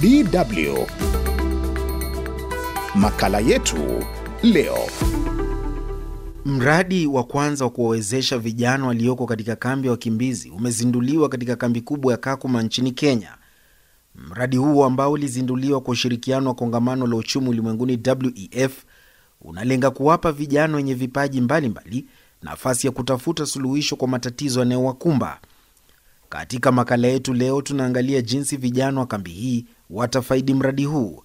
DW. Makala yetu leo. Mradi wa kwanza wa kuwawezesha vijana walioko katika kambi ya wa wakimbizi umezinduliwa katika kambi kubwa ya Kakuma nchini Kenya. Mradi huo ambao ulizinduliwa kwa ushirikiano wa kongamano la uchumi ulimwenguni WEF unalenga kuwapa vijana wenye vipaji mbalimbali nafasi ya kutafuta suluhisho kwa matatizo yanayowakumba. Katika makala yetu leo tunaangalia jinsi vijana wa kambi hii watafaidi mradi huu.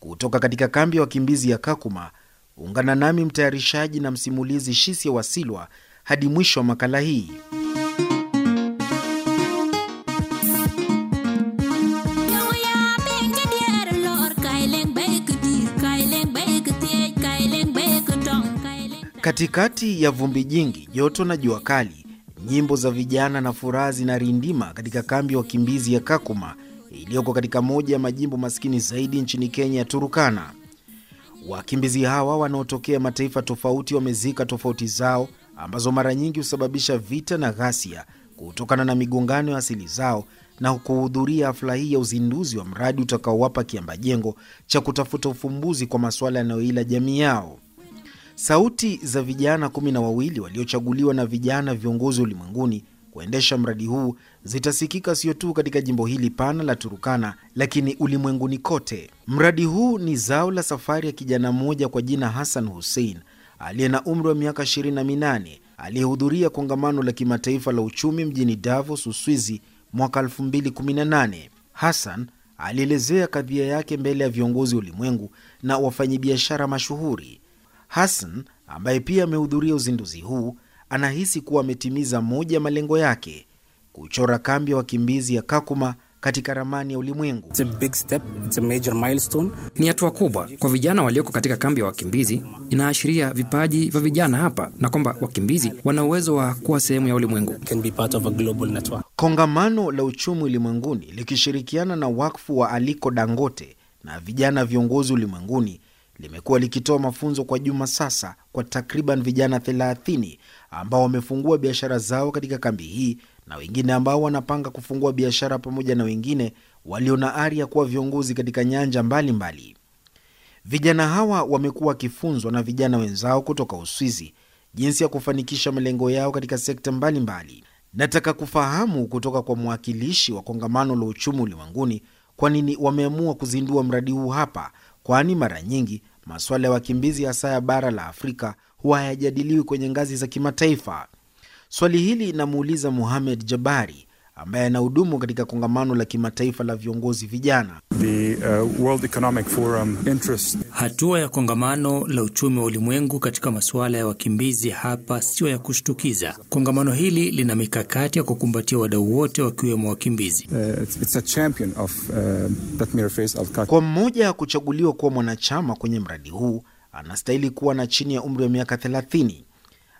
Kutoka katika kambi ya wakimbizi ya Kakuma, ungana nami mtayarishaji na msimulizi Shisia Wasilwa hadi mwisho wa makala hii. Katikati ya vumbi jingi, joto na jua kali, nyimbo za vijana na furaha zinarindima katika kambi ya wakimbizi ya Kakuma iliyoko katika moja ya majimbo maskini zaidi nchini Kenya ya Turukana. Wakimbizi hawa wanaotokea mataifa tofauti wamezika tofauti zao ambazo mara nyingi husababisha vita na ghasia kutokana na migongano ya asili zao na kuhudhuria hafla hii ya uzinduzi wa mradi utakaowapa kiamba jengo cha kutafuta ufumbuzi kwa masuala yanayoila jamii yao. Sauti za vijana kumi na wawili waliochaguliwa na vijana viongozi ulimwenguni kuendesha mradi huu zitasikika sio tu katika jimbo hili pana la Turukana, lakini ulimwenguni kote. Mradi huu ni zao la safari ya kijana mmoja kwa jina Hassan Hussein aliye na umri wa miaka 28 aliyehudhuria kongamano la kimataifa la uchumi mjini Davos, Uswizi mwaka 2018. Hassan alielezea kadhia yake mbele ya viongozi ulimwengu na wafanyabiashara mashuhuri. Hassan ambaye pia amehudhuria uzinduzi huu anahisi kuwa ametimiza moja ya malengo yake, kuchora kambi ya wakimbizi ya Kakuma katika ramani ya ulimwengu. Ni hatua kubwa kwa vijana walioko katika kambi ya wakimbizi. Inaashiria vipaji vya vijana hapa na kwamba wakimbizi wana uwezo wa kuwa sehemu ya ulimwengu. Kongamano la uchumi ulimwenguni likishirikiana na wakfu wa Aliko Dangote na vijana viongozi ulimwenguni limekuwa likitoa mafunzo kwa juma sasa kwa takriban vijana 30 ambao wamefungua biashara zao katika kambi hii na wengine ambao wanapanga kufungua biashara pamoja na wengine walio na ari ya kuwa viongozi katika nyanja mbalimbali mbali. Vijana hawa wamekuwa wakifunzwa na vijana wenzao kutoka Uswizi jinsi ya kufanikisha malengo yao katika sekta mbalimbali mbali. Nataka kufahamu kutoka kwa mwakilishi wa kongamano la uchumi ulimwenguni kwa nini wameamua kuzindua mradi huu hapa, kwani mara nyingi masuala ya wakimbizi hasa ya bara la Afrika huwa hayajadiliwi kwenye ngazi za kimataifa. Swali hili inamuuliza Muhamed Jabari ambaye anahudumu katika kongamano la kimataifa la viongozi vijana. The, uh, World Economic Forum interest... hatua ya kongamano la uchumi wa ulimwengu katika masuala ya wakimbizi hapa sio ya kushtukiza. Kongamano hili lina mikakati ya kukumbatia wadau wote wakiwemo wakimbizi. Uh, of, uh, kwa mmoja ya kuchaguliwa kuwa mwanachama kwenye mradi huu anastahili kuwa na chini ya umri wa miaka 30.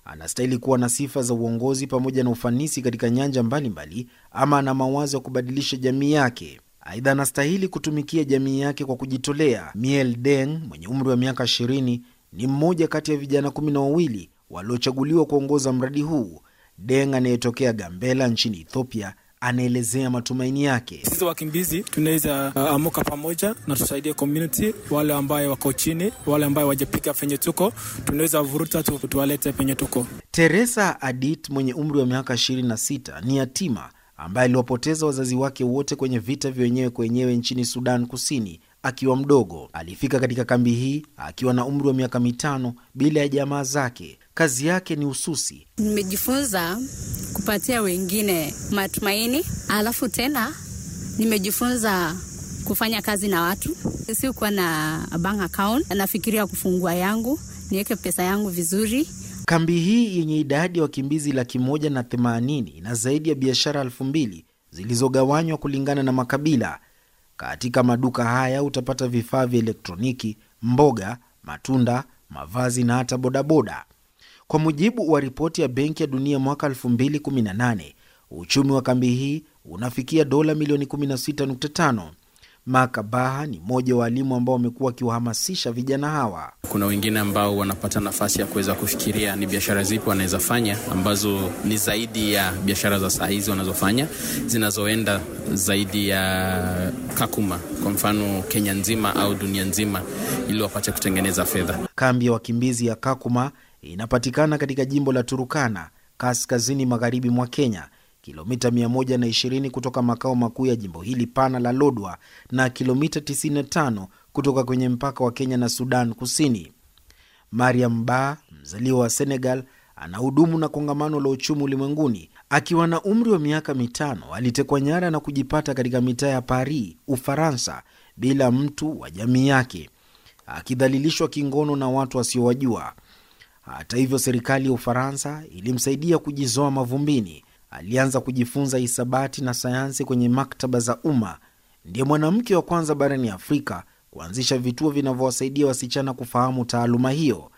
Anastahili kuwa na sifa za uongozi pamoja na ufanisi katika nyanja mbalimbali mbali, ama ana mawazo ya kubadilisha jamii yake. Aidha, anastahili kutumikia jamii yake kwa kujitolea. Miel Deng mwenye umri wa miaka 20 ni mmoja kati ya vijana kumi na wawili waliochaguliwa kuongoza mradi huu. Deng anayetokea Gambela nchini Ethiopia anaelezea matumaini yake. Sisi wakimbizi tunaweza uh, amuka pamoja na tusaidie community, wale ambaye wako chini, wale ambaye wajapika penye tuko, tunaweza vuruta tu, tuwalete penye tuko. Teresa Adit mwenye umri wa miaka 26 ni yatima ambaye aliwapoteza wazazi wake wote kwenye vita vya wenyewe kwa wenyewe nchini Sudan Kusini akiwa mdogo. Alifika katika kambi hii akiwa na umri wa miaka mitano bila ya jamaa zake. Kazi yake ni ususi. Nimejifunza kupatia wengine matumaini, alafu tena nimejifunza kufanya kazi na watu. Sikuwa na bank account, nafikiria kufungua yangu, niweke pesa yangu vizuri. Kambi hii yenye idadi ya wakimbizi laki moja na themanini na zaidi ya biashara elfu mbili zilizogawanywa kulingana na makabila katika maduka haya utapata vifaa vya elektroniki, mboga, matunda, mavazi na hata bodaboda. Kwa mujibu wa ripoti ya Benki ya Dunia mwaka 2018, uchumi wa kambi hii unafikia dola milioni 16.5 makabaha ni mmoja wa walimu ambao wamekuwa wakiwahamasisha vijana hawa. Kuna wengine ambao wanapata nafasi ya kuweza kufikiria ni biashara zipi wanaweza fanya ambazo ni zaidi ya biashara za saa hizi wanazofanya zinazoenda zaidi ya kakuma, kwa mfano Kenya nzima au dunia nzima, ili wapate kutengeneza fedha. Kambi ya wakimbizi ya Kakuma inapatikana katika jimbo la Turukana kaskazini magharibi mwa Kenya kilomita 120 kutoka makao makuu ya jimbo hili pana la Lodwa na kilomita 95 kutoka kwenye mpaka wa Kenya na Sudan Kusini. Mariam Ba, mzaliwa wa Senegal, anahudumu na kongamano la uchumi ulimwenguni. Akiwa na umri wa miaka mitano, alitekwa nyara na kujipata katika mitaa ya Paris, Ufaransa, bila mtu wa jamii yake, akidhalilishwa kingono na watu wasiowajua. Hata hivyo, serikali ya Ufaransa ilimsaidia kujizoa mavumbini alianza kujifunza hisabati na sayansi kwenye maktaba za umma. Ndiye mwanamke wa kwanza barani Afrika kuanzisha vituo vinavyowasaidia wasichana kufahamu taaluma hiyo,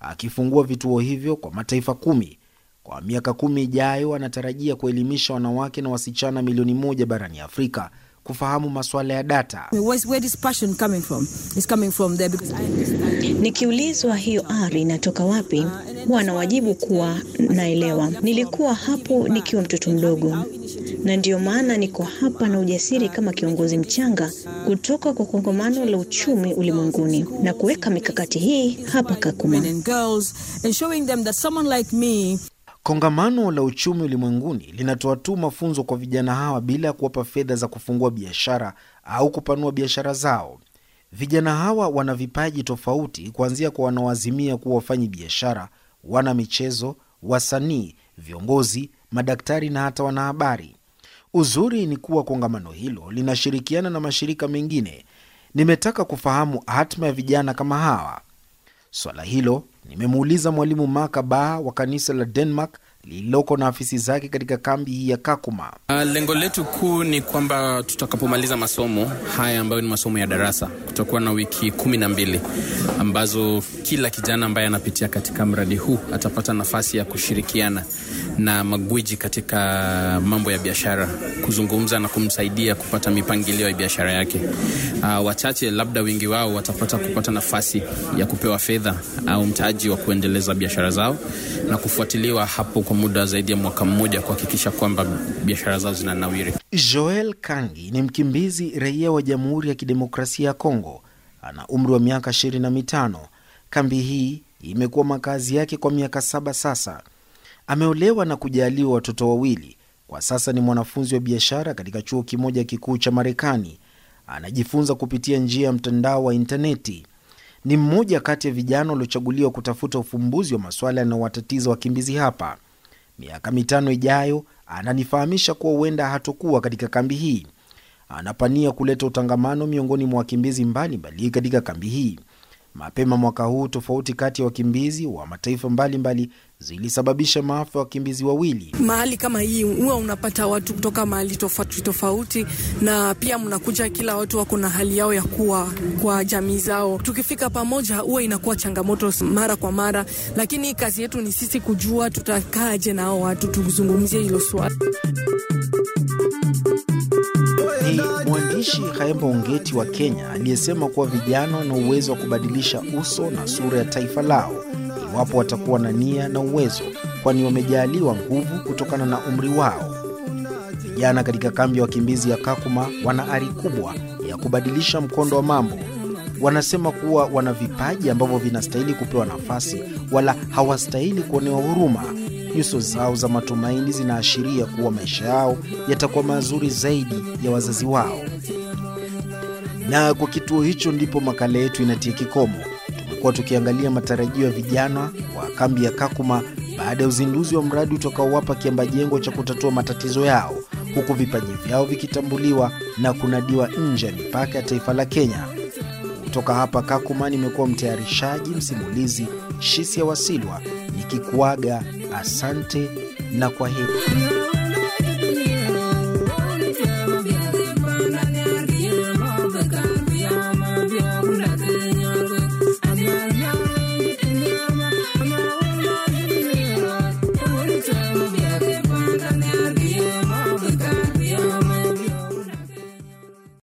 akifungua vituo hivyo kwa mataifa kumi. Kwa miaka kumi ijayo, anatarajia kuelimisha wanawake na wasichana milioni moja barani Afrika kufahamu masuala ya data. Nikiulizwa hiyo ari inatoka wapi, uh, huwa nawajibu kuwa naelewa, nilikuwa hapo nikiwa mtoto mdogo, na ndiyo maana niko hapa na ujasiri uh, kama kiongozi mchanga uh, kutoka kwa kongamano la uchumi ulimwenguni na kuweka mikakati hii hapa Kakuma. Kongamano la uchumi ulimwenguni linatoa tu mafunzo kwa vijana hawa bila ya kuwapa fedha za kufungua biashara au kupanua biashara zao. Vijana hawa wana vipaji tofauti, kuanzia kwa wanaoazimia kuwa wafanyi biashara, wana michezo, wasanii, viongozi, madaktari na hata wanahabari. Uzuri ni kuwa kongamano hilo linashirikiana na mashirika mengine. Nimetaka kufahamu hatima ya vijana kama hawa. Swala hilo Nimemuuliza mwalimu Maka Ba wa kanisa la Denmark lililoko na afisi zake katika kambi ya Kakuma. Uh, lengo letu kuu ni kwamba tutakapomaliza masomo haya ambayo ni masomo ya darasa, kutakuwa na wiki kumi na mbili ambazo kila kijana ambaye anapitia katika mradi huu atapata nafasi ya kushirikiana na magwiji katika mambo ya biashara, kuzungumza na kumsaidia kupata mipangilio ya biashara yake. Uh, wachache labda wengi wao watapata kupata nafasi ya kupewa fedha au mtaji wa kuendeleza biashara zao na kufuatiliwa hapo kwa muda zaidi ya mwaka mmoja kuhakikisha kwamba biashara zao zinanawiri. Joel Kangi ni mkimbizi raia wa Jamhuri ya Kidemokrasia ya Kongo, ana umri wa miaka ishirini na mitano. Kambi hii imekuwa makazi yake kwa miaka saba sasa. Ameolewa na kujaliwa watoto wawili. Kwa sasa ni mwanafunzi wa biashara katika chuo kimoja kikuu cha Marekani. Anajifunza kupitia njia ya mtandao wa intaneti. Ni mmoja kati ya vijana waliochaguliwa kutafuta ufumbuzi wa masuala yanayowatatiza wakimbizi hapa miaka mitano ijayo, ananifahamisha kuwa huenda hatokuwa katika kambi hii. Anapania kuleta utangamano miongoni mwa wakimbizi mbalimbali katika kambi hii. Mapema mwaka huu tofauti kati ya wakimbizi wa mataifa mbalimbali mbali zilisababisha maafa ya wakimbizi wawili. Mahali kama hii huwa unapata watu kutoka mahali tofauti tofauti, na pia mnakuja, kila watu wako na hali yao ya kuwa kwa jamii zao. Tukifika pamoja, huwa inakuwa changamoto mara kwa mara, lakini kazi yetu ni sisi kujua tutakaaje na hao watu, tuzungumzie hilo swali ni mwandishi Khaemba Ongeti wa Kenya aliyesema kuwa vijana wana uwezo wa kubadilisha uso na sura ya taifa lao iwapo watakuwa na nia na uwezo, kwani wamejaaliwa nguvu kutokana na umri wao. Vijana katika kambi ya wakimbizi ya Kakuma wana ari kubwa ya kubadilisha mkondo wa mambo wanasema kuwa wana vipaji ambavyo vinastahili kupewa nafasi wala hawastahili kuonewa huruma. Nyuso zao za matumaini zinaashiria kuwa maisha yao yatakuwa mazuri zaidi ya wazazi wao. Na kwa kituo hicho ndipo makala yetu inatia kikomo. Tumekuwa tukiangalia matarajio ya vijana wa kambi ya Kakuma baada ya uzinduzi wa mradi utakaowapa kiamba jengo cha kutatua matatizo yao, huku vipaji vyao vikitambuliwa na kunadiwa nje ya mipaka ya taifa la Kenya. Kutoka hapa kakuma nimekuwa mtayarishaji msimulizi Shisia Wasilwa nikikuaga, asante na kwa hii